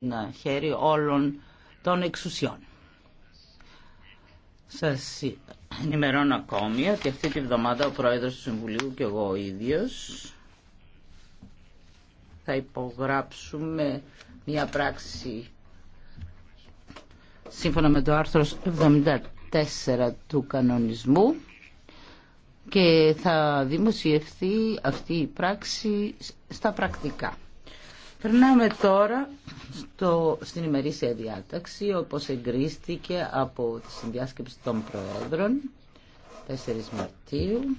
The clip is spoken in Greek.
να χέρι όλων των εξουσιών. Σας ενημερώνω ακόμη ότι αυτή τη βδομάδα ο Πρόεδρος του Συμβουλίου και εγώ ο ίδιος θα υπογράψουμε μια πράξη σύμφωνα με το άρθρο 74 του κανονισμού και θα δημοσιευθεί αυτή η πράξη στα πρακτικά. Περνάμε τώρα στο, στην ημερήσια διάταξη όπως εγκρίστηκε από τη συνδιάσκεψη των Προέδρων 4 Μαρτίου